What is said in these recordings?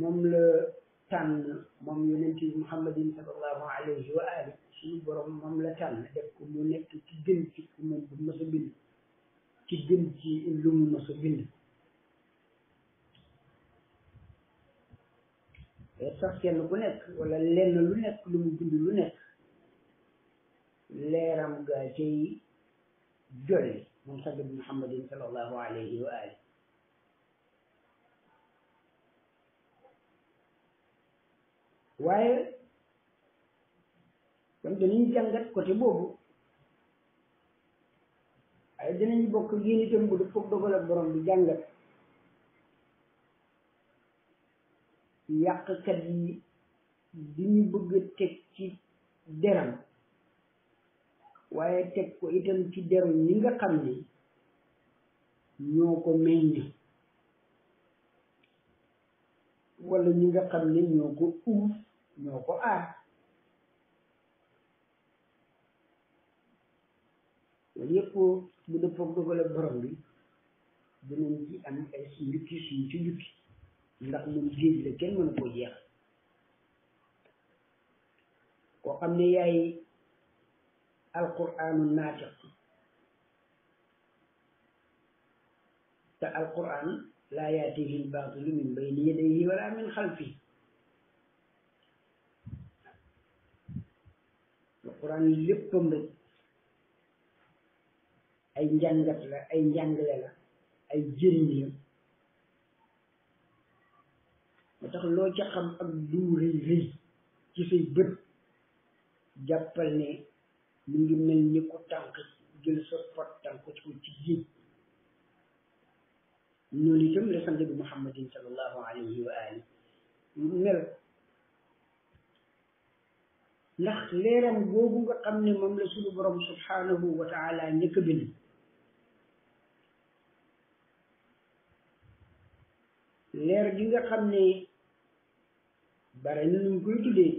moom la tànn moom yonent bi muhammadin sallallahu alayhi wa ali suñu borom moom la tànn def mu nekk ci gën ci moom bu mës a bind ci gën ci lu mu mës bind eh, sax kenn wala lenn lu nekk lu mu bind lu nekk leeram gaa cay jolli moom sax bi muhammadin sallallahu alayhi wa ali waaye kon danañ jàngat côté boobu ay dinañ bokk yéen itam bu dëppoo dogal ak borom bi jàngat yàqkat yi di ñu bëgg a teg ci deram waaye teg ko itam ci deru ñi nga xam ni ñoo ko meññ wala ñi nga xam ni ñoo ko uuf ñoo ko aar loolu yëpp bu dëppoog dogale borom bi dinañ am ay njukki suñ ci njukki ndax moom géej la kenn mën a koo jeex koo xam ne yaay alquranu naatiq te alquran laa yaatihi min bayni yadayhi wala min xalfihi alquran léppam rek ay njàngat la ay njàngale la ay jëriñ la tax loo ca xam ak du rëy rëy bët jàppal ne mu ngi mel ni ku tànk jël sa pot tànk ko ci géej noonu itam la sant bi muhammadin sallallahu alayhi wa mel ndax leeram googu nga xam ne moom la suñu borom subhanahu wa taala njëkk bind leer gi nga xam ne bare na ñu koy tuddee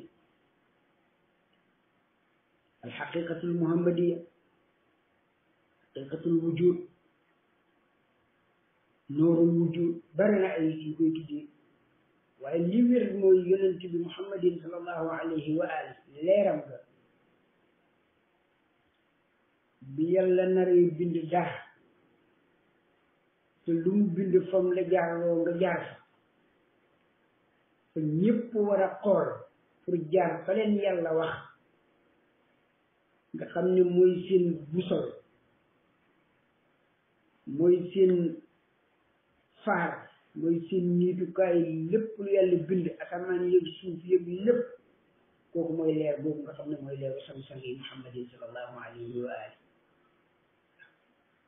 alxaqiqatul muhammadiya xaqiqatul wujud noorul wujud bare na ay ñu koy tuddee waaye li wér mooy yonent bi muhammadin sallallahu alayhi leeram bi yàlla naree bind dara te lu mu bind fam la jaarloo nga jaar fa ñépp war a xool pour jaar fa leen yàlla wax nga xam ne mooy seen busol mooy seen faar mooy seen niitukaay lépp lu yàlla bind asamaan yëg suuf yëg lépp kooku mooy leer boobu nga mooy yi muhammadin sallallahu alayhi wa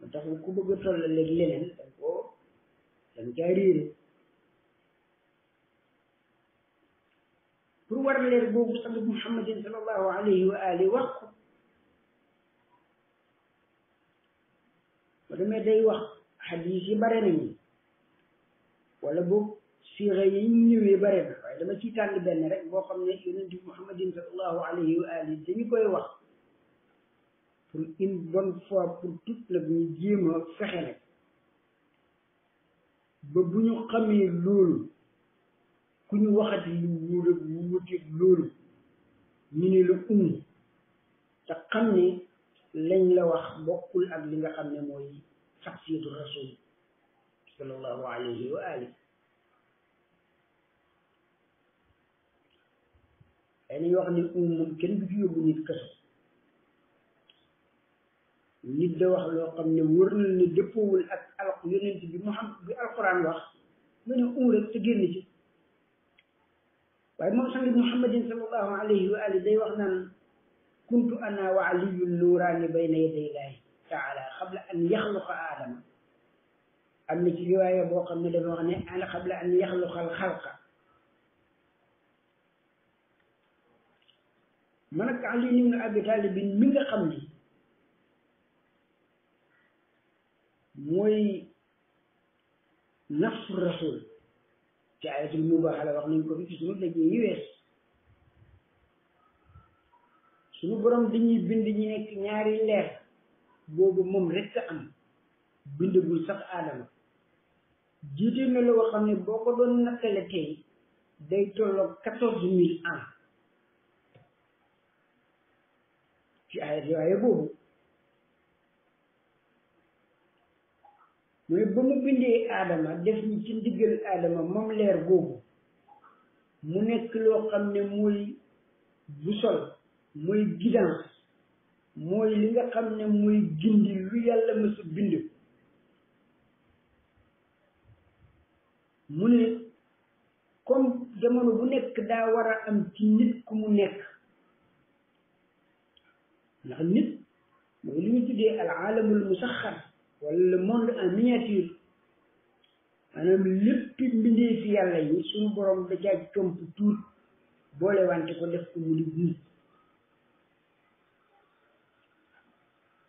a toll léegi leer boobu muhammadin sallallahu alayhi wa ali wax ko ba wax xadiis bare nañu wala boog siira yi ñu ñëwee bare na waaye dama ciy tànn benn rek boo xam ne yonent bi muhammadin sallallahu alayhi wa dañu koy wax pour une bonne fois pour toute nag ñu jéem fexe nag ba bu ñu xamee loolu ku ñu waxati lu wóor ak lu wuteeg loolu ñu ne la umu te xam ne lañ la wax bokkul ak li nga xam ne mooy sax rasul sallallahu alayhi wa ali ay nañu wax ni um moom kenn du ci yóbbu nit kaso nit da wax loo xam ne wër na ne dëppoowul ak alq yonent bi Muhammad bi alquran wax nga ne um rek te génn ci waaye moom sangit Muhammadin sallallahu alayhi wa ali day wax naan kuntu ana wa aliyun nuuraani bayna yaday laahi taala qabla an yaxluqa aadama am na ci riwaaya boo xam ne dafa wax ne ana xabla an yaxluqal xalqa man ak Ali ibn Abi Talib mi nga xam ni mooy nafsu rasul ci ayatul mubahala wax nañ ko fi ci sunu yi wees sunu borom dañuy bind ñi nekk ñaari leer boobu moom rekk am bindagul sax aadama jiite na la woo xam ne boo ko doon nattale tey day tolloog quatorze mille ans ci ay riwaaye boobu mooy ba mu bindee aadama def ñu ci ndiggal aadama moom leer googu mu nekk loo xam ne mooy busol mooy guidance mooy li nga xam ne mooy gindi lu yàlla mësu bind mu ne comme jamono bu nekk daa war a am ci nit ku mu nekk ndax nit mooy li ñu tuddee al alamul musaxar wala monde en miniature lépp mbindee yàlla yi suñu borom da jaaj tomp tuut boole wante ko def ko mu di nit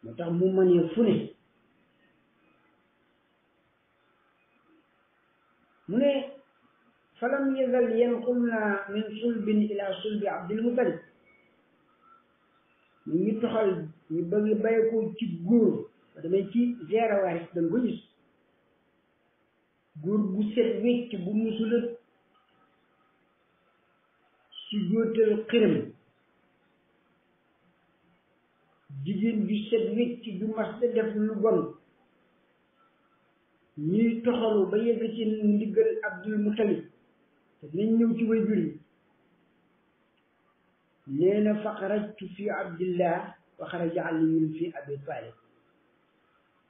moo tax mu mënee fu ne mu ne falam yazal yanqulna min sulbin ila sulbi abdul mutalib ñu ngi toxal ñu bëgg bàyyikoo ci góor ba damay ci gérawaris da nga ko gis góor bu set wecc bu musula su jóotal xiram jigéen ju set wecc ju mas def lu bon ñuy toxalu ba yegg ci ndiggal Abdul Mutalib te dinañ ñëw ci way jur yi nee na fa xarajtu fi abdillah wa xaraja aliyun fi abi talib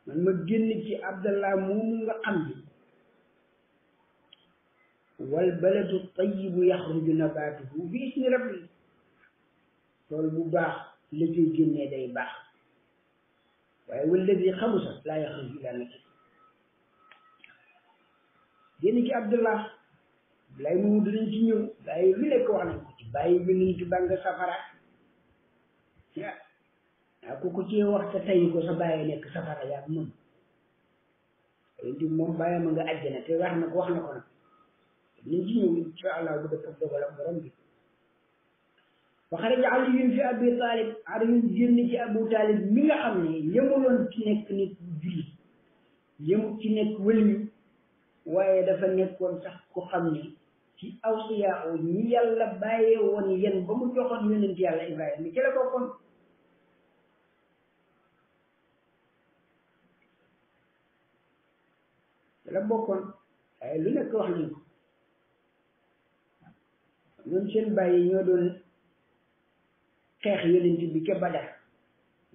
man ma génn ci abdallah moomu nga xam bi wal baladu tayibu yaxruju nabatuhu bi ismi rabbi tool bu baax la cay génnee day baax waaye walladi xabusa laa yaxruju ila nakis génn ci Abdullah lay moom dinañ ci ñëw bàyyi lu nekk wax nañ ko ci bàyyi bi nañ ci bàng safara ah ah ko cee wax sa tey ko sa bàyyi nekk safara yaa moom di moom bàyyi ma nga àjjana na ko wax na ko nag dinañ ci ñëw incha allah bu dëpp dogal ak borom bi wa xaraja aliyun fi abi talib ne yemuloon ci nekk nit julli yemut ci nekk wëliyu waaye dafa nekkoon sax ku xam ni ci awsiya ñi yàlla bàyyee woon yéen ba mu joxoon yonent yàlla Ibrahima ci la bokkoon ci la bokkoon waaye lu nekk wax nañ ko ñoom seen bàyyi ñoo doon xeex yonent bi ca Badar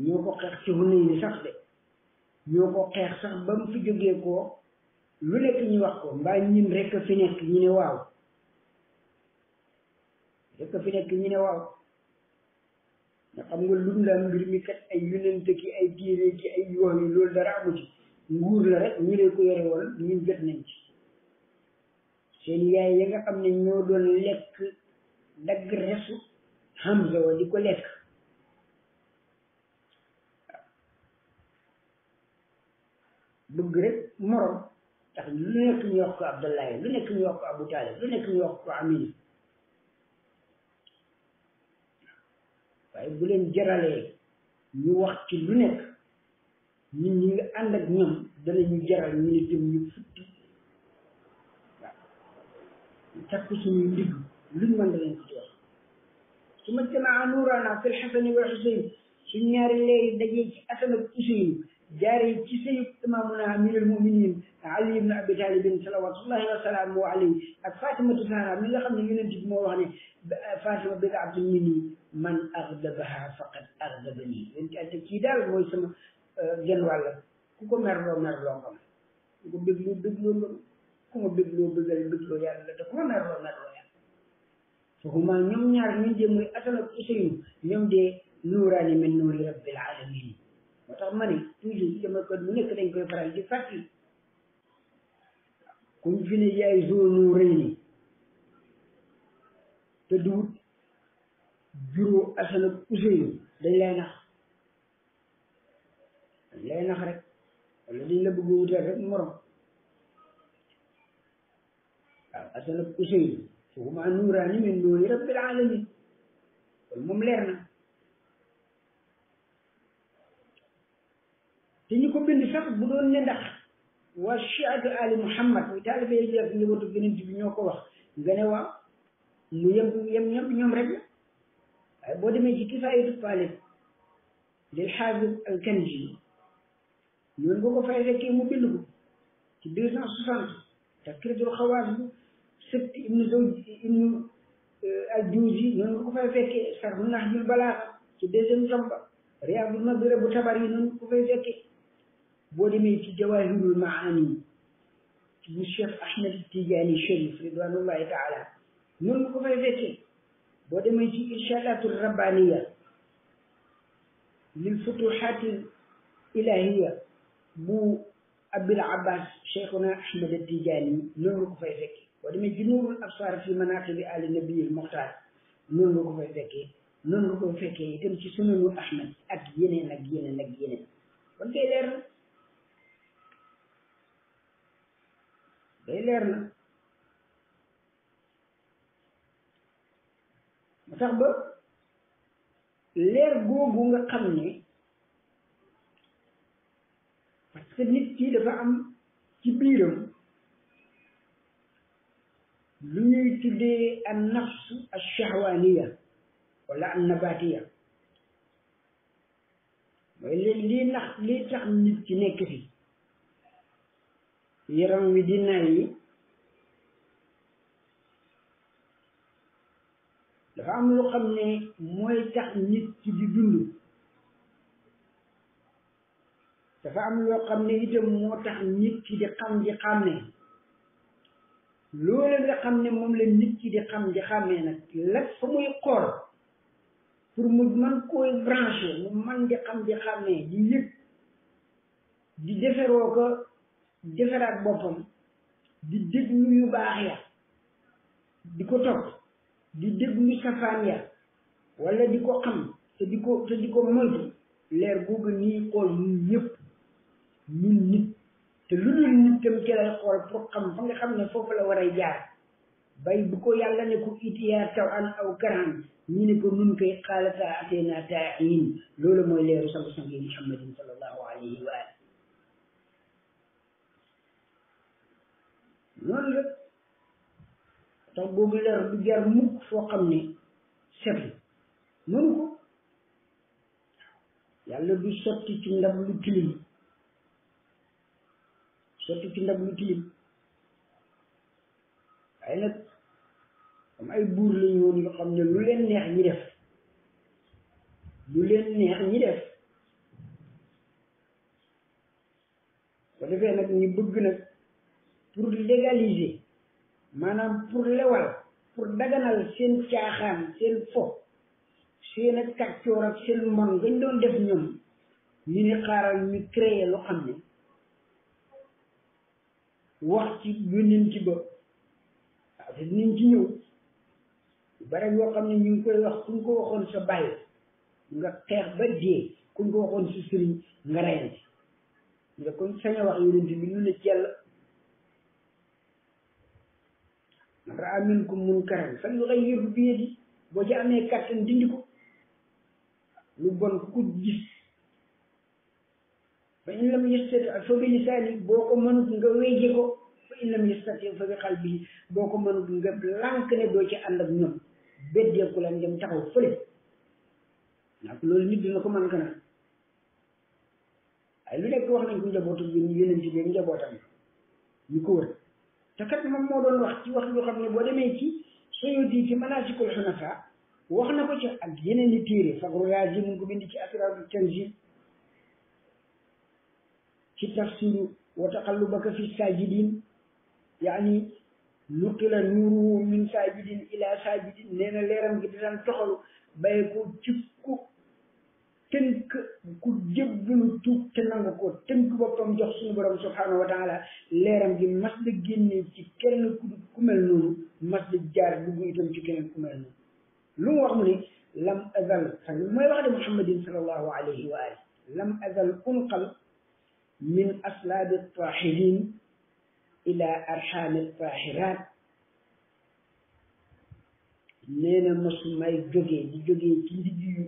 ñoo ko xeex ci Hunayn sax de ñoo ko xeex sax ba mu fi jógee koo lu nekk ñu wax ko mbaa ñun rek fi nekk ñu ne waaw rek fi nekk ñu ne waaw nga xam nga lum la mbir mi kat ay yonent ki ay téere ki ay yoon yi loolu dara amu ci nguur la rek ñu lay ko yore woon ñun jot nañ seen yaay ya nga xam ne ñoo doon lekk dagg resu Hamza wa di ko lekk bëgg rek morom ndax lu nekk ñu wax ko Abdullahi lu nekk ñu wax ko Abu Talib lu nekk ñu wax ko Amina waaye bu leen jaralee ñu wax ci lu nekk ñun ñu ngi ànd ak ñoom danañu jaral ñu ne dem ñu futti waaw ñu takk suñuy ndigg luñ mën ci wax su ma jamaa nuuraana fi lxasani wal xuseyn suñ ñaari leer ci asan ak jaaree ci sayyidina amirul mu'minin Ali ibn Abi Talib salawatullahi wa salaamu alayhi ak Fatimatu Zahra mi nga xam ne yonent bi moo wax ne Fatima bi nga abdi minni man agdabaha faqad agdabani yéen kii daal mooy sama euh, genn wàll ku ko merloo merloo ko ku ko bégloo bégloo ko ku ma bégloo bëggal bégloo yàlla te ku ma merloo merloo yàlla ñoom ñaar ñu de muy Asan ak Useyn ñoom de nuuraani min nuuri rabbi at mu nekk dañ koy faral di fàttali kuñ fi ne yaay zone rëy ni te duwut juróo Asan ak dañ lay nax dañ lay nax rek wala dañ la bëgg wutal rek morom waaw Asan ak Useynu foofu ma nuuraani min nuuri rabbil alamin kon leer na te ko bind sax bu doon ne ndax a chiatu ali muhammad muy taalibe yi def njabootu yonent bi ñoo ko wax nga ne waaw mu yem yem ñoom ñoom rek la waaye boo demee ci kifaayatu taalib lil xaafis al kanji ñoon nga ko fay fekkee mu bind ko ci deux cent soixante takritul xawaas bu sëbt ibnu zaw ibnu euh, al juuzi ñoon nga ko fay fekkee sarhu naxjul balaaxa ci deuxième tomba riyaadul madhara bu tabar yi ñoon ko fay fekkee boo demee ci jawahirul maani ci bu cheikh ahmed tidiane sharif ridwanullahi taala noonu nga ko fay fekkee boo demee ci irshadatul rabbaniya lil futuhatil ilahiya bu abil abbas cheikhuna ahmed tidiane noonu nga ko fay fekkee boo demee ci nuurul absar fi manaqibi ali nabiyil muxtaar noonu nga ko fay fekkee noonu nga ko fekkee itam ci sunanu ahmed ak yeneen ak yeneen ak yeneen kon kay leer day leer na mu tax ba leer googu nga xam ni parce que nit ki dafa am ci biiram lu ñuy tuddee an nafsu ashahwaniya wala an nabatiya mooy li lii nax lii nit ki nekk yaram wi di nay dafa am lu xam ne mooy tax nit ki di dund dafa am loo xam ne itam moo tax nit ki di xam di xàmmee loolu nga xam ne moom la nit ki di xam di xàmmee nag la fa muy xool mu man koy branché mu man di xam di xàmmee di yëg di deferoo ko defaraat boppam di déglu yu baax ya di ko topp di déglu safaan ya wala di ko xam te di ko te di ko moytu leer googu ñuy xool ñun ñëpp ñun nit te lu dul nit tam ci lay xool pour xam ne foofu la war a jaar bay bu ko yàlla ne ko itiyaa taw an aw karaan ñu ne ko nun koy xaalata ateenaa taa in loolu mooy leeru sama sang yi muhammadin sallallahu loolu lépp tax boobu leer du jar mukk foo xam ni seetlu mënu ko yàlla du sotti ci ndab lu tilim sotti ci ndab lu tilim waaye nag am ay buur lañu woon yoo xam ne lu leen neex ñi def lu leen neex ñi def ko defee nag ñu bëgg nag pour légaliser maanaam pour lewal pour daganal seen caaxaan seen fo seen ak kàccoor ak seen mbon doon def ñoom ñu ni xaaral ñu créer lu xam ne wax ci ci ba waaw te niñ ci ñëw barab yoo xam ne ñu ngi wax kuñ ko waxoon sa bàyyi nga xeex ba dee kuñ ko waxoon sa sëriñ nga reyante nga kon sañ a wax yonent bi lu ne jell man raa minkum munkaran falyughayyirhu biyadihi boo ci amee kàttan dindi ko lu bon ku gis fa in lam yastati fa bi lisaani boo ko mënut nga wéyje ko fa in lam yastati fa bi qalbi boo ko mënut nga lànk ne doo ci ànd ak ñoom beddeeku lan dem taxaw fële ndax loolu nit dina ko mën kana ay lu nekk wax na ko njabootu bi yonent bi njabootam ko wër te kat moom moo doon wax ci wax yoo xam ne boo demee ci sooyu di ci manasikul xunafa wax na ko ci ak yeneen i téere fagru razi mu ngi ko bind ci asrarul tanzil ci tafsiru wa taqallubaka fi sajidin yaani nuqila nuruhu min sajidin ila sajidin nee na leeram gi di daan toxalu bàyyi ko ci tënk ku jébbalu tuub te nangu ko tënk boppam jox suñu borom subhaanahu wa taala leeram gi mas la génne ci kenn ku mel noonu mas la jaar dugg itam ci keneen ku mel noonu lu mu wax mu ni lam azal xam mooy wax de muhammadin sallallahu alayhi wa ali lam azal unqal min aslaabi tahirin ila arxaami tahirat nee na mos may jógee di jógee ci ndigg yu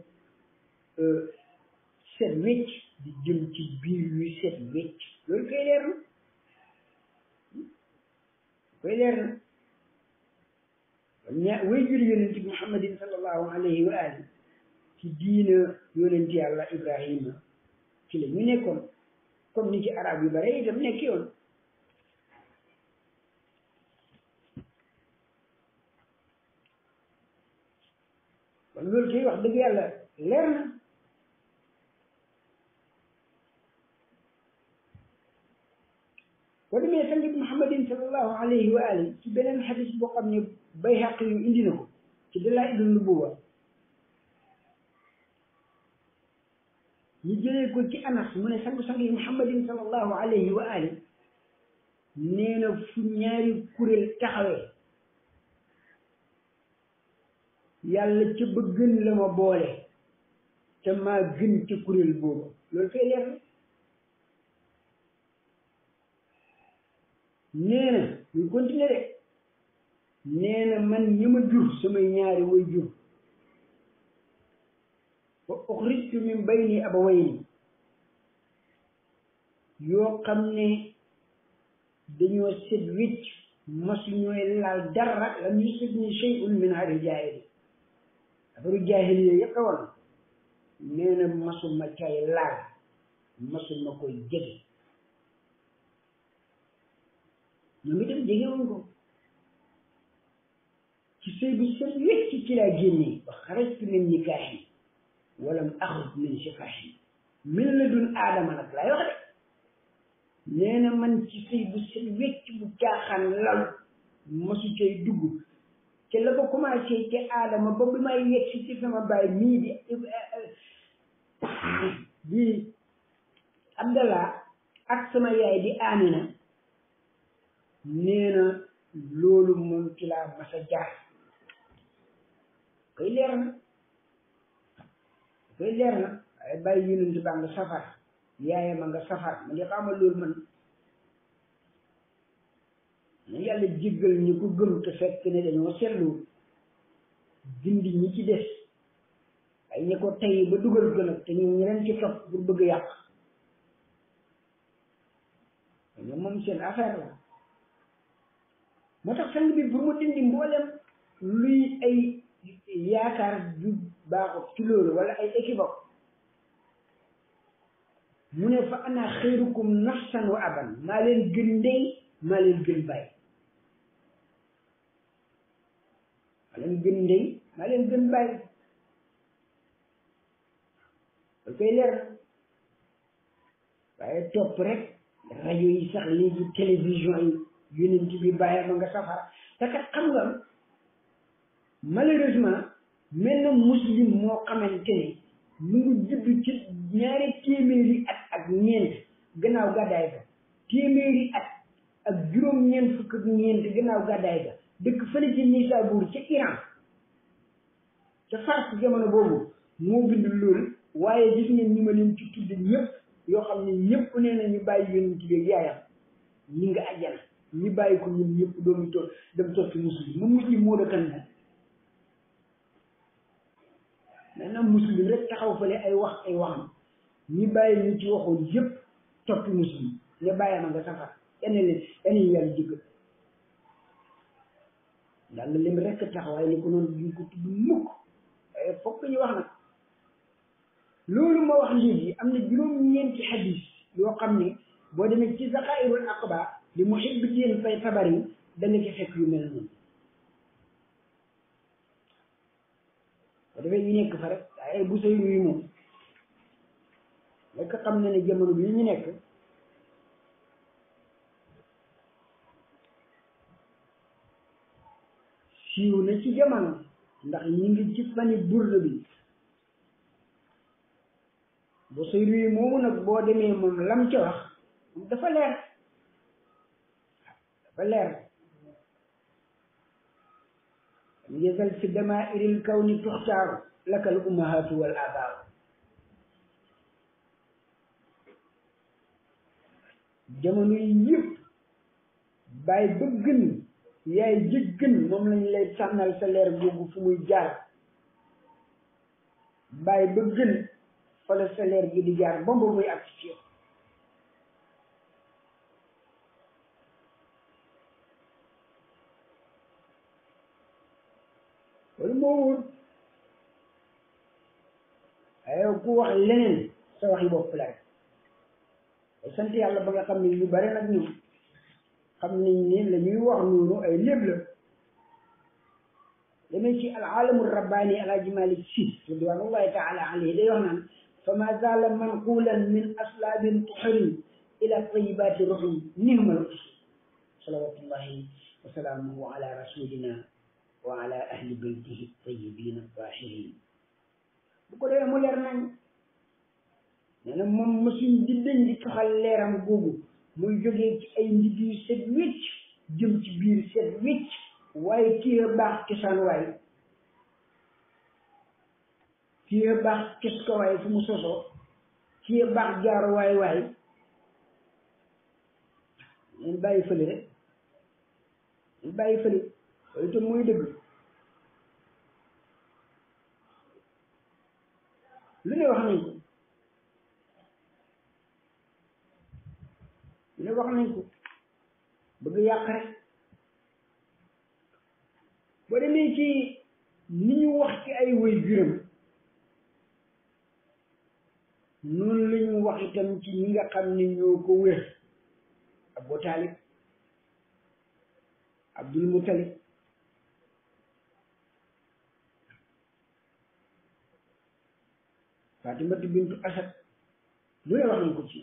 set wécc di jëm ci biir yuy set wécc loolu koy leer na koy leer na ña way jur yonent muhammadin sallallahu alayhi ci diina yonent yàlla ibrahima ci la ñu nekkoon comme ni ci arab yu bare itam nekk yoon kon loolu koy wax dëgg yàlla leer na boo demee sangi Muhammadin sallallahu alayhi wa alihi ci beneen xadis boo xam ne Bayhaqi yu indi na ko ci Dalaa'ilun Nubuwwa ñu jëlee ko ci Anas mu ne sangu-sang yi Muhammadin sallallahu alayhi wa ali nee na fu ñaari kuréel taxawee yàlla ca ba la ma boole te maa gën ci kuréel boobu loolu fay leer na nee na continuer de nee man ñi ma jur samay ñaari way jur wa uxrijtu min bayni abawayni yoo xam ne dañoo set wicc masu ñooy laal dara lam yusibni shay'un min hari jaahili afaru jaahili yooyu yëpp a woon nee na masuma cay laal masuma koy jege ñoom itam jegewuñ ko ci sëy bu set wecc ci laa génnee wa xarajtu min nikaaxi walam axruj min sikaaxi la dun aadama na man lal masu cay dugg te si ci mii di di ak sama yaay di amina nee na loolu moom ci laa mas a jaar koy leer na koy leer na waaye bàyyi yonent baa nga safar yaayam a nga safar ma di xamal loolu man na yàlla jéggal ñi ko gëm te fekk ne dañoo seetlu dindi ñi ci des ay ñi ko tey ba dugal gën ak te ñu ñeneen ci topp pour bëgg yàq ñoom moom seen affaire la moo tax sang bi pour mu dindi mboolem luy ay yaakaar ju baaxut ci loolu wala ay équivoque mu ne fa ana xayrukum nafsan wa aban maa leen gën ndey maa leen gën bàyyi maa leen gën ndey maa leen gën bàyyi da koy leer waaye topp rek rajo yi sax léegi télévision yi yonent bi bàyyi ma nga safara te xam nga malheureusement mel na muslim moo xamante ni mu ngi judd ci ñaari téeméeri at ak ñeent gannaaw gàddaay ga téeméeri at ak juróom-ñeent fukk ak ñeent gannaaw gàddaay ga dëkk fële ci Nisaabuur ci Iran te Fars jamono boobu moo bind loolu waaye gis ngeen ñi ma leen ci tudd ñëpp yoo xam ne ñëpp nee na ñu bàyyi yonent bi yaayam ñi nga àjjana ñi bàyyi ko ñun ñëpp doon ñu toog dem toog ci mu mujj moo kan la maanaam musulmi rek taxaw fële ay wax ay waxam ñi bàyyi ñu ci waxoon yëpp toog ci musulmi nga ma nga safar ene leen ene ñu yàlla jëkk daal la lim rek ko noonu duñ ko tudd fokk ñu wax nag loolu ma wax léegi am na juróom-ñeenti xadis yoo xam ne boo demee ci zakairul aqba li mu xib bi jéem fay tabar yi dana ci fekk yu mel noonu ba dafay ñu nekk fa rek ay busa yu yu moom lekk xam na ne jamono bi ñu nekk siiw na ci jamono ndax ñu ngi ci fani burd bi busa yu yu moomu nag boo demee moom lam ci wax dafa leer ba leer yëgal fi dama iril kaw ni tuxtaaru lakal ummahaatu wal abaaw jamono yi yëpp bàyyi ba gën yaay ji gën moom lañ lay sànnal sa leer googu fu muy jaar bàyyi ba gën fa la sa leer gi di jaar ba mba muy ak ci loolu moo wóor waaye yow ku wax leneen sa wax yi bopp la rek sant yàlla ba nga xam ne ñu bare nag ñun xam nañ ne la ñuy wax noonu ay léeb la demee ci al alamu rabbaani alaaji malik si ridwanullahi taala alayhi day wax naan fa ma zala manqulan min aslaabin tuxrin ila tayibaati ruxi nihmal salawatullahi wa salaamuhu ala rasulina wa ala ahli baytihi tayyibina tahirin bu ko defee mu leer nañ nee na moom mosuñ di dañ di toxal leeram googu muy jógee ci ay ndigg yu jëm ci biir set wécc waaye kii a baax cosaan waay kii baax kes ko waay fu mu sosoo kii baax jaaro waay waay leen bàyyi fële rek leen bàyyi fële loolu itam mooy dëgg lu ne wax nañ ko lu ne wax nañ ko bëgg yàq rek boo demee ni ñu wax ci ay wéy juróom noonu la ñu wax itam ci ñi nga xam ne ñoo ko wér Abu Taalib Abdul Mutalib Faatimatu bintu Asad lu ne wax nañ ko ci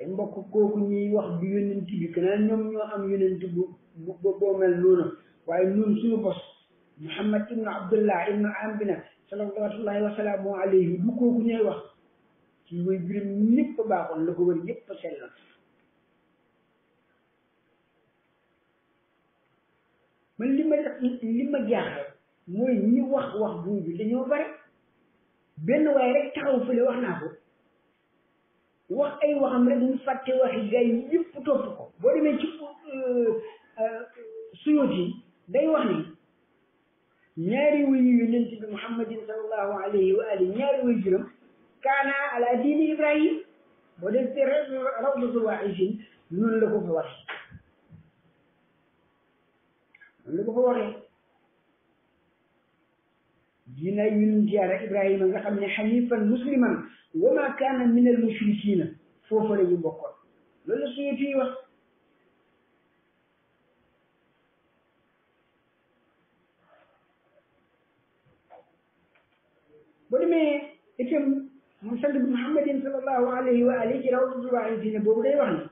ay mbokk kooku ñuy wax bi yonent bi keneen ñoom ñoo am yonent bu boo mel noonu waaye ñun suñu bos Muhammad ibnu Abdullah ibnu Ambina salawatullahi wa salaamu du kooku ñuy wax ci way biram ñëpp a baaxoon la ko wër ñëpp a man li ma li ma jaaxal mooy ñi wax wax buum bi dañoo bare benn waaye rek taxaw fële wax naa ko wax ay waxam rek mu fàtte waxi gars yi yëpp topp ko boo demee ci euh, euh, suyóot yi day wax ni ñaari wuyu yu yonent bi muhammadin sallallahu alayhi ñaari wuyu juróom kaana ala diini ibrahim boo def te rawdatul waaxisin noonu la ko fa waxee noonu la ko fa waxee dina yonent Yàlla Ibrahima nga xam ne hanifan musliman wa ma kaana min al mushrikiina foofu la ñu bokkoon loolu la Suyuti yi wax boo demee itam moom sant bi Muhammadin sallallahu alayhi wa alihi rawatullah dina boobu day wax ne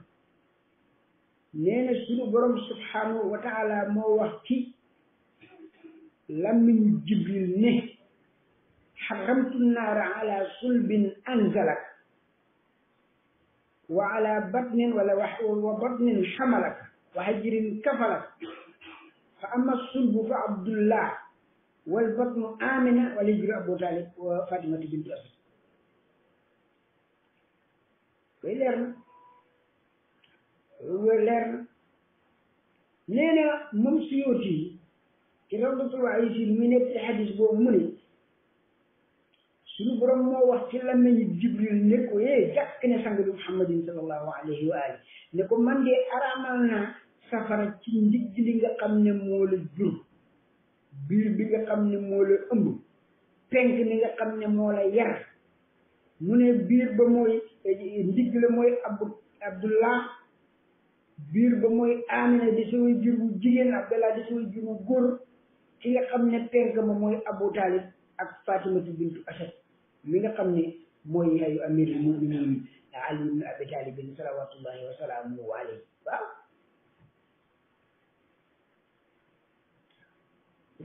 nee na sunu borom subhanahu wa taala moo wax ci lammiñu jibril ne xaramtu naara ala sulbin anzalak wa ala batnin wala wax wa batnin xamalak wa hajirin kafalak fa ama sulbu fa abdullah wal batnu amina wal hijru abu talib wa fatimatu bintu asad koy leer na leer na nee na moom Suyuuti imam docteur waa yi si lu muy ci xadis boobu mu ne suñu borom moo wax ci làmmiñu jibril ne ko yee jàkk ne sang muhammadin sallallahu alayhi wa ali ne ko man de araamal naa safara ci ndigg li nga xam ne moo la jur biir bi nga xam ne moo la ëmb penk ni nga xam ne moo la yar mu ne biir ba mooy ndigg la mooy abdullah biir ba mooy amina di sama jur wu jigéen abdullah di sama jur wu góor ki nga xam ne pergama mooy Abu Talib ak Fatimatu bintu Asad mi nga xam ne mooy yaayu amirul muminin Ali ibn Abi Talib salawatullahi wa salaamuhu alayhi waaw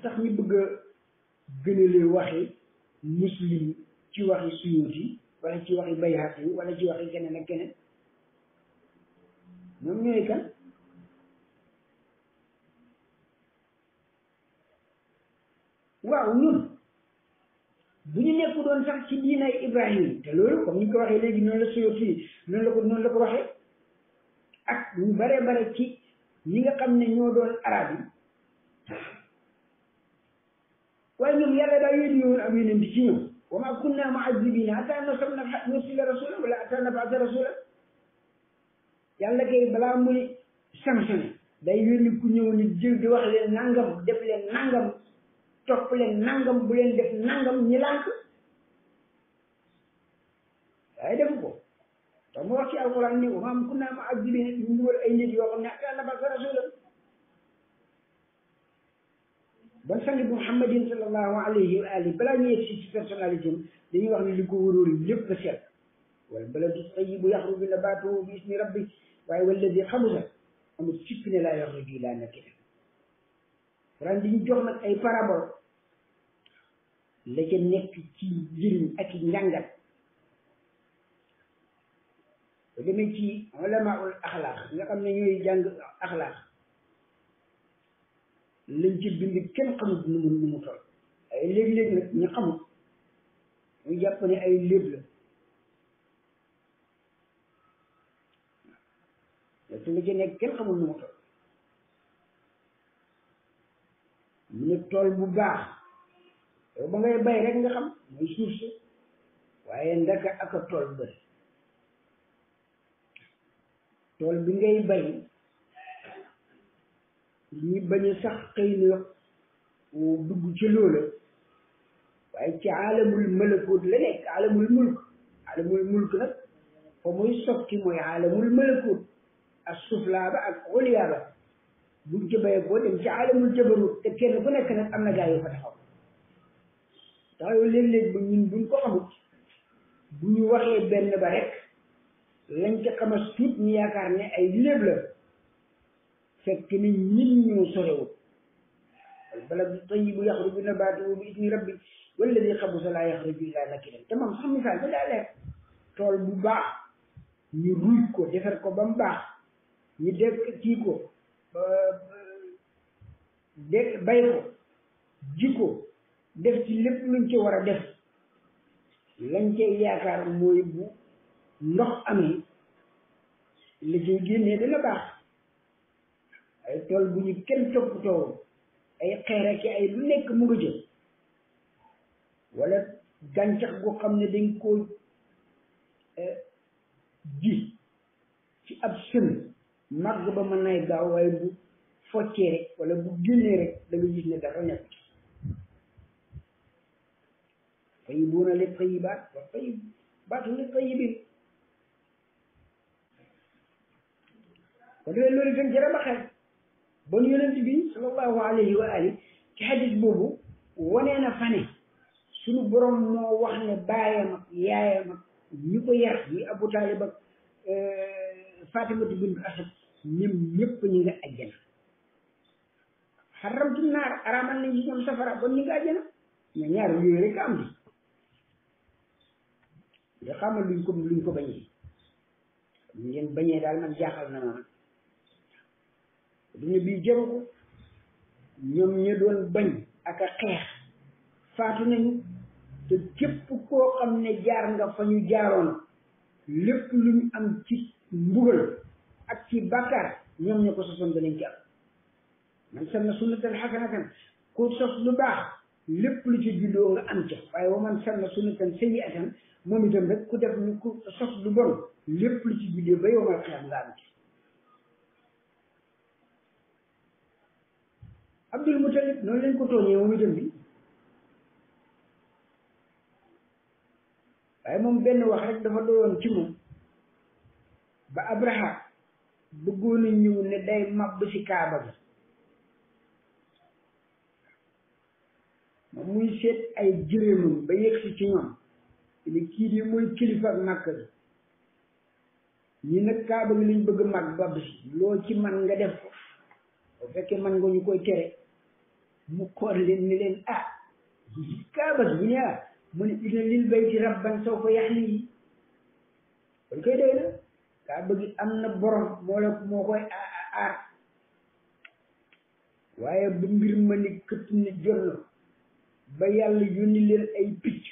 sax ñu bëgg a gënale waxi muslim ci waxi suyuuti wala ci waxi bayhaaqi wala ci waxi keneen ak keneen ñoom ñooy kan waaw ñun bu ñu nekku doon sax ci diinay Ibrahim te loolu comme ni ko waxee léegi noonu la suyo kii noonu la ko noonu la ko waxee ak ñu bare bare ci ñi nga xam ne ñoo doon arab yi waaye ñoom yàlla daa yónni woon am yeneen bi ci na wa ma kunna mu'azzibina hatta nursila rasula wala hatta nab'atha rasula yàlla kay balaa muy sanctionné day yónni ku ñëw ni jël di wax leen nangam def leen nangam topp leen nangam bu leen def nangam ñi lànk waaye defu ko te mu wax ci alquran ne wa am ku naa ma ak jibi ñu dugal ay nit yoo xam ne ak yàlla ba ka rasulam ban sang bi muhammadin sallallahu alayhi wa ali balaa ñu yegg si ci personnalité dañuy wax ne li ko wóróori lépp seet wala baladu tayibu yaxruju nabatuhu bi ismi rabbi waaye walladi xabusa amul sikki ne laa yaxruju ilaa nakida Quran di ñu jox nag ay parabole la ca nekk ci njëriñ ak i njàngal demee ci ulamaul axlaax nga xam ne ñooy jàng axlaax lañ ci bind kenn xamut nu mu toll ay léeg-léeg nag ñu xamut ñu jàpp ay léeb la te la nekk kenn xamul nu toll mu ne tool bu baax yow ba ngay bay rek nga xam mooy suuf si waaye ndaka ak a tool bëri tool bi ngay bay lii bañ a sax xëy na dugg ci loola waaye ci alamul malakoot la nekk alamul mulk alamul mulk nag fa muy sokki mooy alamul malakoot ak suflaa ba ak oliyaa ba bu jëbee boo dem ci alamul jabarut te kenn ku nekk nag am na gaa yu fa taxaw temps yooyu léeg ba ñun buñ ko xamut bu ñu waxee benn ba rek lañ ca xama suut ñu yaakaar ne ay léeb la fekk ni ñin ñoo sorewut bala tayyibu yaxruju nabaatuhu bi idni rabbi walladi xabusa laa yaxruju illaa nakidan te moom sax misaal ba daa tool bu baax ñu ruuj ko defar ko ba mu baax ñu dekk kii ko de bay ko ji def ci lépp luñ ci war a def lañ cay yaakaar mooy bu ndox am li ciy génnee dina baax ay tool bu ñu kenn toppatoo ay xeer ak ay lu nekk mu nga jël wala gàncax gu xam ne dañ koo e, ji ci ab sën màgg ba mën nay gaaw waaye bu foccee rek wala bu génnee rek da nga ne dara nekk tayyibuuna li tayyibaat wa tayyibaatu li tayyibiin ko defee loolu itam jërë ba xel bon yonent bi sallallahu alayhi wa ali ci hadis boobu wanee na fane suñu borom moo wax ne baayam yaayam ak ko yar yi Abu Taalib ak e, Fatimatu bint Asad ñoom ñëpp nga ajjana xaramtu naar araamal nañ ñoom safara bon ñu nga ajjana ñaar yooyu rek am di nga lu luñ ko luñ ko bañee luñ leen bañee daal man jaaxal na ma man duna bii jaru ko ñoom ña doon bañ ak a xeex faatu nañu te képp koo xam ne jaar nga fa ñu jaaroon lépp lu ñu am ci mbugal ak ci bàkkaar ñoom ña ko sosoon danañ ci am man sam na sunnatan xasanatan ku sos lu baax lépp lu ci juddoo nga am ca waaye wa man sanna sunnatan sayyi'atan moom itam rek ku def lu ku sos lu bon lépp lu ci juddoo ba yow ma xiyam nga am ca Abdul Mutalib noonu lañ ko tooñee moom itam bi waaye moom benn wax rek dafa doyoon ci moom ba Abraha bëggoon a ne day màbb ci kaaba bi muy seet ay jëréemam ba yegg si ci ñoom ni kii di mooy kilifa ak màkk bi ñi nag kaaba lañ bëgg màgg ba bis loo ci man nga def ko fekkee man nga ñu koy tere mu xool leen ni leen ah kaaba gi ñu ne ah mu ne ina lil bayti rabban soo ko yax lii kon koy doy na kaaba gi am na borom moo la moo koy aar waaye bu ma ni këtt ni jot na ba yàlla yónni leen ay picc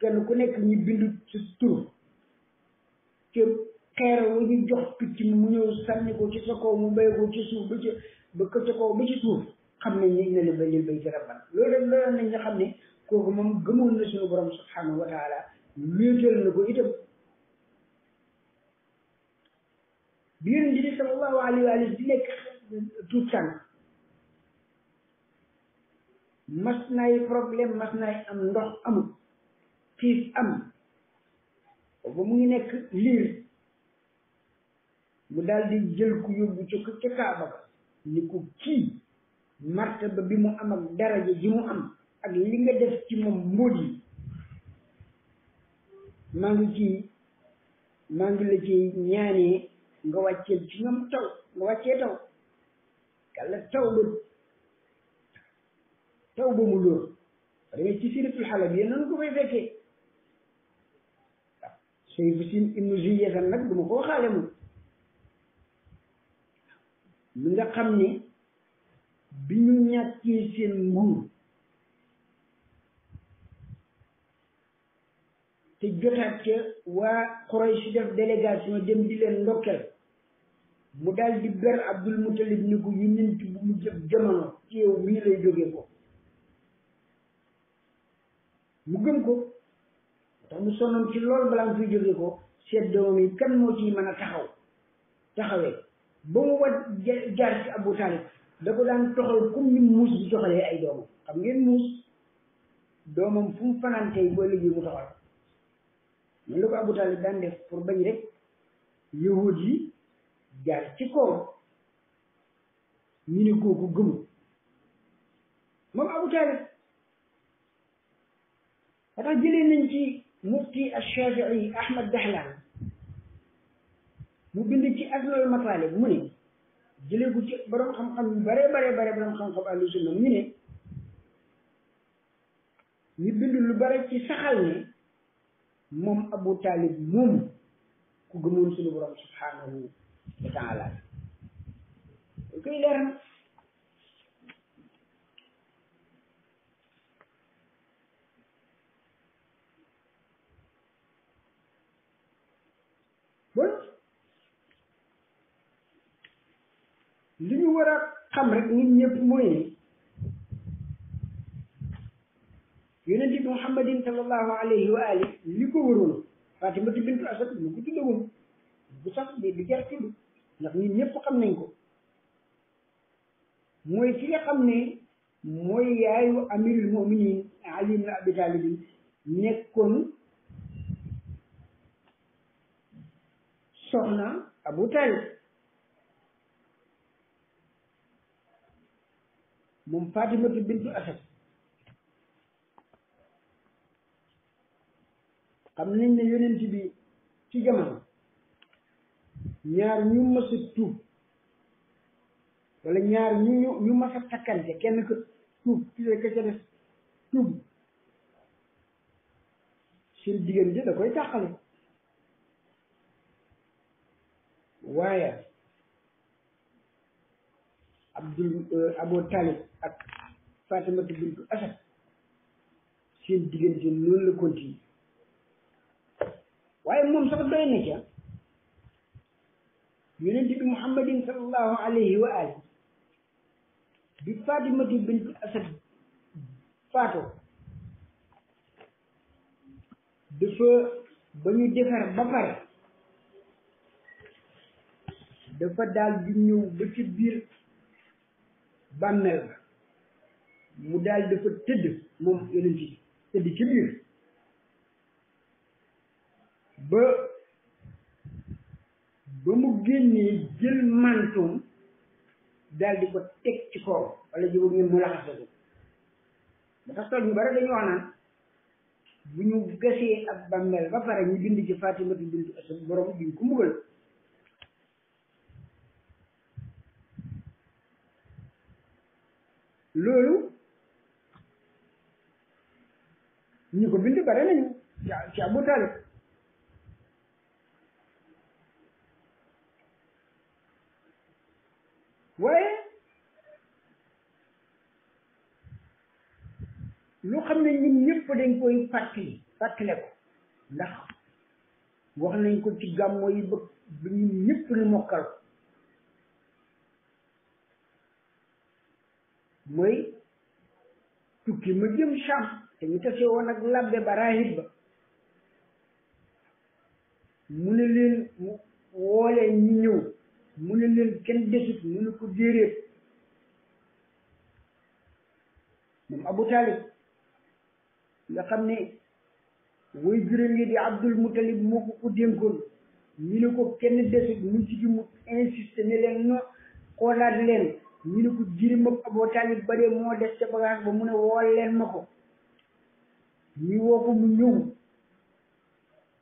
kenn ku nekk ñu bindu ci tur ci xeer wu ñu jox picc mu ñëw sànni ko ci sa mu bay ko ci suuf ba ci ba ca ba ci suuf xam ne ñi ne la ba lil bay ci loolu def loolu xam ne kooku moom gëmoon na suñu borom subhanahu wa taala wéetal na ko itam bi yonent bi sallallahu alayhi wa alihi di nekk tuut tànk mas problème mas nay am ndox amul tiis am booba mu ngi nekk liir mu daldi di jël ku yóbbu ci ca kaaba ba ni ko kii martaba bi mu am ak daraja ji mu am ak li nga def ci moom mbóot yi maa ngi ci maa ngi la ci ñaanee nga wàccee ci ñoom taw nga wàccee taw kala taw ba taw ba mu lóor damay ci siratul xalab yéen nan ko fay fekkee waaw sooy bu sin ibnu juyesan nag du ma koo xaale mu mi nga xam ne bi ñu ñàkkee seen nguur te jotaat ca waa Quraysh def délégation dem di leen ndokkel mu daal di ber Abdul Mutalib ni ko yu nint bu mu jëf jamono ci yow mii lay jóge ko mu gëm ko tax mu sonnoon ci loolu balaa mu fiy jóge seet doomam yi kan moo ciy mën a taxaw taxawee ba mu wat jaar ci Abu Talib da ko daan toxal comme ni muus bi toxalee ay doomam xam ngeen muus doomam fu mu fanaan boo liggéey mu toxal noonu la Abu Talib daan def pour bañ rek yahud yi jaar ci kaw ñu ne kooku gëmul moom Abu Talib moo tax jëlee nañ ci mufti ash-Shafi'i Ahmad Dahlan mu bind ci Aslul Matalib mu ne jëlee gu ci borom xam-xam bare bare bare borom xam-xam ahlu sunna ñu ne ñu bind lu bare ci saxal ne moom Abu Talib moom ku gëmoon suñu borom subhanahu wa taala koy leer na li ñu war xam rek nit ñëpp mooy yonent bi muhammadin sallallahu alayhi wa ali li ko waroon Fatimatu bintu Asad lu ko tuddagum bu sax bi di jar tudd ndax nit ñëpp xam nañ ko mooy ki nga xam ne mooy yaayu amirul muminin Ali ibn Abi Talib nekkoon moom Fatimatu bintu Asad xam nañ ne yonent bi ci jamono ñaar ñu mës a wala ñaar ñu ñu ñu mës a takkante kenn ko tuub tuddee ka ca def tuub seen diggante da koy tàqale waaye Abdul euh, Abu Talib ak Fatimatu bintu Asad seen diggante noonu la continué waaye moom sax doy na ca yonent bi Muhammadin sallallahu alayhi wa ali bi Fatimatu bintu Asad faatoo dafa ba ñu defar ba pare dafa daal di ñëw ba ci bàmmeel ba mu daal dafa tëdd moom yonent bi tëdd ci biir ba ba mu génnee jël mantoom daal di ko teg ci kaw wala ji boobu mu laxas ko ba tax tool ñu bari dañu wax naan bu ñu gasee ab bàmmeel ba pare ñu bind ci Fatimatu bintu Asad borom duñ ko mbugal loolu ñu ko bind bare nañu ci Abu Talib waaye lu xam ne ñun ñëpp dañ koy fàttali fàttale ko ndax wax nañ ko ci gàmmo yi ba ñun ñëpp ñu mokkal ko mooy tukki ma jëm Sham te ñu tase woon ak labbe ba rahib ba mu ne leen mu woolee ñu ñëw mu ne leen kenn desut mu ne ko déeréet moom Abu Talib nga xam ne woy juróom yi di Abdul Mutalib moo ko ko dénkoon ñu ne ko kenn desut mu ci mu insiste ne leen no xoolaat leen ñu ne ko jirim ak Abu Talib ba moo des ca bagage ba mu ne wool leen ma ko ñu woo mu ñëw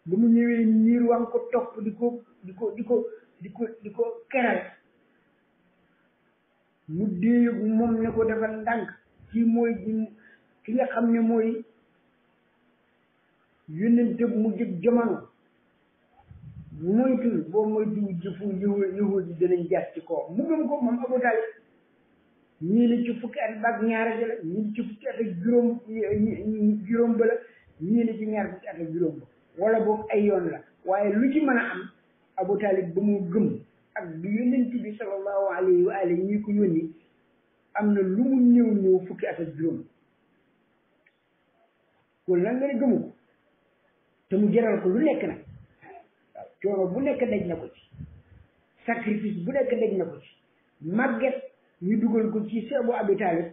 ba mu ñëwee niir waa ngi ko di ko di ko di ko keral mu déeyug moom ne ko defal ndànk ki mooy ki nga xam ne mooy yónnente bu mu jëg jamono moytul boo moytul jëfu yëwa yëwa ji danañ jaar ci kaw mu gëm ko moom Abu ñii ni ci fukki at bak ñaara ji la ñii ni ci fukki at ak juróom juróom ba ñii ni ci ñaar fukki at ak juróom ba wala boog ay yoon la waaye lu ci mën a am Abu Talib ba mu gëm ak bi yonent bi sallallahu alayhi wa ñii ko yónni am na lu mu néew néew fukki at ak juróom loolu ko lu nekk nag waaw bu nekk daj na ko ci sacrifice bu nekk daj na ko ci màgget ñu dugal ko ci Abu Abi Taalib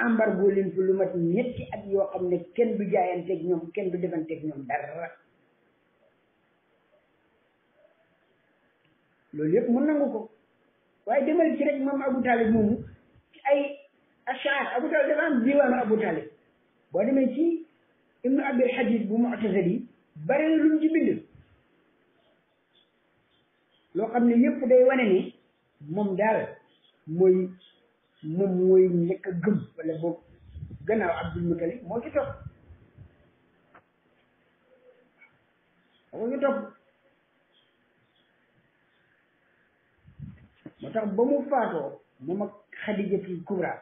embargo fi lu mat ñetti at yoo xam ne kenn du jaayanteeg ñoom kenn du defanteeg ñoom dara loolu yëpp mu nangu ko waaye demal ci rek moom Abu Taalib ay ashar Abu dafa am diwaanu Abu boo demee ci Ibnu Abil Hadid bu Mu'tazili bari na lu mu ci loo xam ne yëpp day wane ni moom daal mooy moom mooy nekk gëm wala boobu gannaaw Abdul Mutalib moo ci topp moo topp moo tax ba mu faatoo moom ak Xadijatul Kubra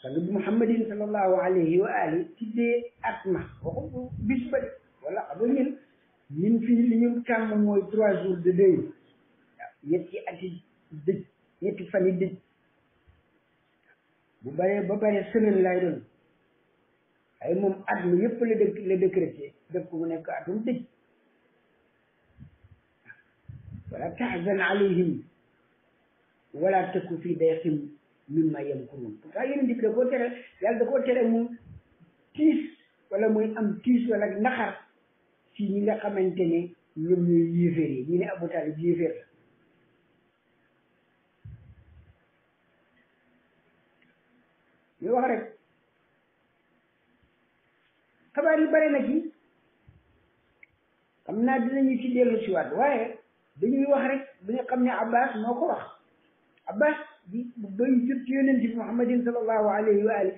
sang bi Muhammadin sallallahu alayhi wa tiddee at ma waxu bis ba de wala xam nga ñun ñun fii mooy trois jours de deuil ñetti ati dëj ñetti fan yi dëj bu baree ba bare semaine lay doon waaye moom at mu yëpp la dëkk la décrété def ko mu nekk atum dëj wala tahzan alayhim wala taku fii dayqin mimma yamkurun pourtant yeneen bi da koo tere yàlla da tere mu tiis wala muy am tiis wala naxar ci ñi nga xamante ne ñoom ñooy yi ñu ne Abu Talib yo wax rek xabaar yi bare na ci xam naa dinañu ci dellu si waaye dañuy wax rek bi nga xam ne abbas moo ko wax abbas bi ba ñu jot ci yonent bi muhammadin sallallahu alayhi wa ali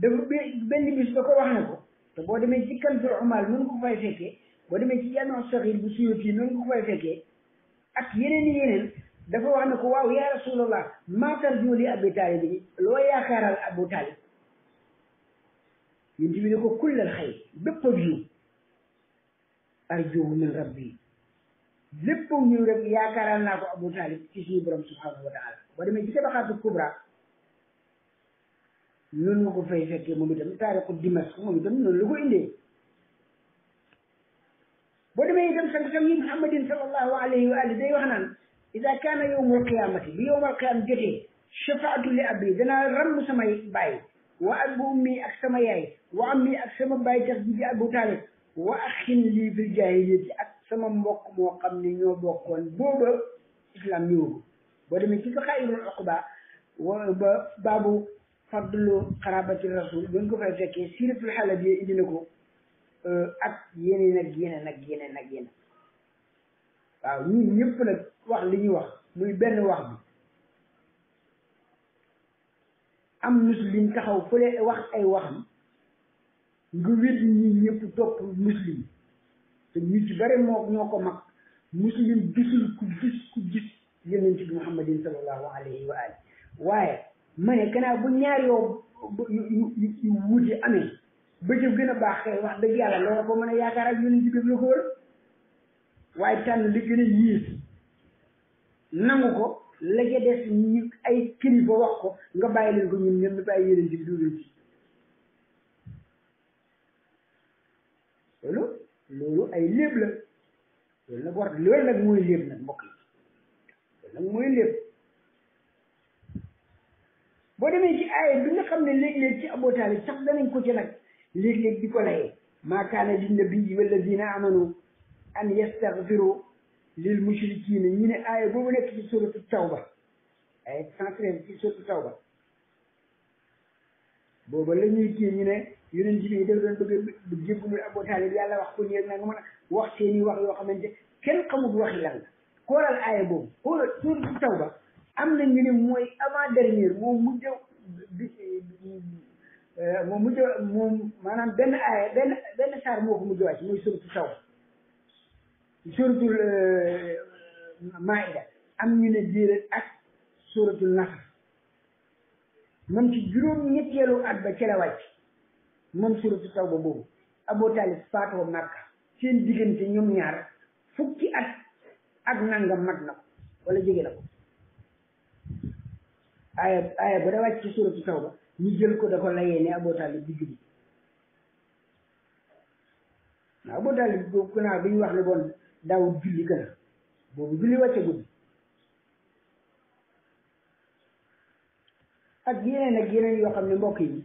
dafa benn bis da ko wax ne ko te boo demee ci kanzul umal noonu ko fay fekkee boo demee ci jaamiu saxiir bu suyuti noonu ko fay fekkee ak yeneen yeneen dafa wax ne ko waaw yaa rasulallah maa tarjuu li abi taalib loo yaakaaral abu taalib yonent bi ne ko kullal xayr bi ak yiw arjuhu min rabbi lépp ak yiw rek yaakaaral naa ko abu taalib ci suñu borom subhanahu wa ci tabaxaatu kubra noonu ko fay fekkee moom itam taariku dimas moom itam noonu la ko indee boo demee itam sang-sang yi sallallahu alayhi wa day wax naan ida kaana yowmul qiyaamati bi yowmal qiyaam jotee shafaatu li abi danaa ramm samay baay wa ab ummi ak sama yaay wa ammi ak sama baay tax ji di abu taalib wa axin lii fil jaahiliyati ak sama mbokk moo xam ne ñoo bokkoon booba islam ñëwul boo demee ci faqaa'idul uqba wa ba baabu fadlu xarabati rasul buñ ko fay fekkee siiratul xalabi indi na ko euh, ak yeneen ak yeneen ak yeneen ak yeneen waaw ñun ñëpp nag wax li ñuy wax muy benn wax bi am muslim taxaw fële wax ay waxam nga wér ñi ñëpp topp muslim te ñu ci bare moo ñoo ko mag muslim gisul ku gis ku gis yonent bi muhammadin sallallahu alayhi wa ali waaye ma ne kanaa bu ñaar yow yu wuute amee ba jëf gën a baax kay wax dëgg yàlla loola ko mën a yaakaar ak yonent bi la ko waaye tànn li gën a yiis nangu ko la des ñu ay kilifa wax ko nga bàyyi leen ko ñun ñu bàyyi yeneen ay léeb la loolu nag war loolu nag mooy léeb nag mbokk mooy léeb boo demee ci aaya bi nga xam ne léegi léeg ci Abu sax danañ ko ci nag léeg-léeg di ko layee maa kaana linnabii walladiina amanu an yastaghfiru mu lil mushrikiina ñu ne aaya boobu nekk ci suratu tawba aaya cent treize ci suratu tawba booba la ñuy kii ñu ne yonent bi daf doon bëgg bu jébbalul Abu Taalib yàlla wax ko ñeeg nanga mën a wax seen i wax yoo xamante kenn xamul waxi lan la kooral aaya boobu kooral suratu tawba am na ñu ne mooy avant dernière moom mujj bi euh, moom mujj moom maanaam benn aaya benn benn saar moo ko mujj wàcc suratul maida am ñu ne déedéet ak suratul nasr moom ci juróom ñetteelu at ba ci la wàcc moom suratul tawba boobu abou talib faatoo màkka seen diggante ñoom ñaar fukki at ak nangam mat na ko wala jege na ko aaya aaya ba da wàcc ci suratu tawba ñu jël ko da ko layee ne abou talib di jubi waaw abou talib gannaaw ñu wax ne bon daawul julli kër boobu julli wàcce guddi ak yeneen ak yeneen yoo xam ne mbokk yi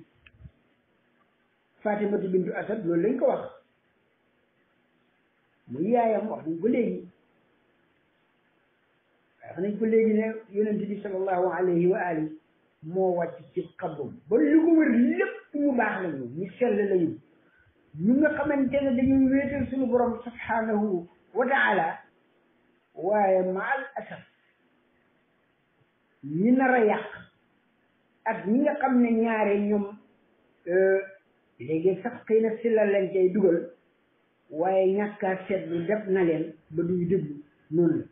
Fatimatu bintu Asad loolu lañ ko wax mu yaayam wax nañ ko léegi wax nañ ko léegi ne yonent bi sallallahu alayhi wa ali moo wàcc ci xabam ba lu ko wër lépp baax lañu ñu sell lañu ñu nga xamante ne dañuy wéetal suñu borom subhanahu wa taala waaye maal asaf ñi nar a yàq ak ñi nga xam ne ñaare ñoom euh, léegi sax xëy na si la leen cay dugal waaye ñàkkaa seetlu def na leen ba duñu déglu noonu la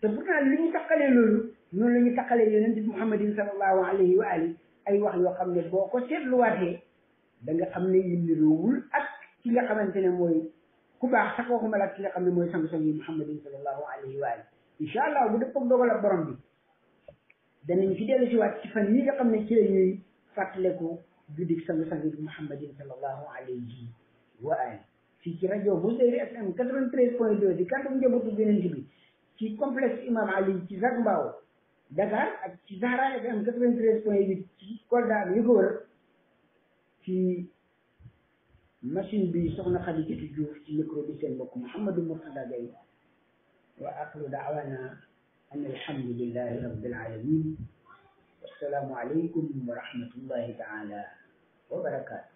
te pourtant li ñu taqalee loolu noonu la ñu taqalee yonent bi muhammadin sallallahu alayhi wa ali ay wax yoo xam ne boo ko seetluwaatee da nga xam ne yu niroowul ak ci nga xamante ne mooy ku baax sax waxuma la ki nga xam ne mooy sang sang yi muhammadin sallallahu alayhi wa ali incha allah bu dëpp ak dogal ak ci dellu ci fan yi nga xam ne ci la ñuy fàttaleku guddi sang sang yi muhammadin sallallahu alayhi wa ali fii ci rajo Mousdayri FM 93 point 2 di kàddu njabootu Yonent bi ci complexe imam ali ci Zac Mbao Dakar ak ci Zahra FM 93 point 8 ci Kolda ak li ko wër ci machine bi soxna Xadijatu Diouf ci micro bi seen mbokk Mouhamadou Mourtada Gaye wa axiru daawana an alhamdulillahi rabbil alamin wassalaamu aleykum wa rahmatullahi taala wa barakaatu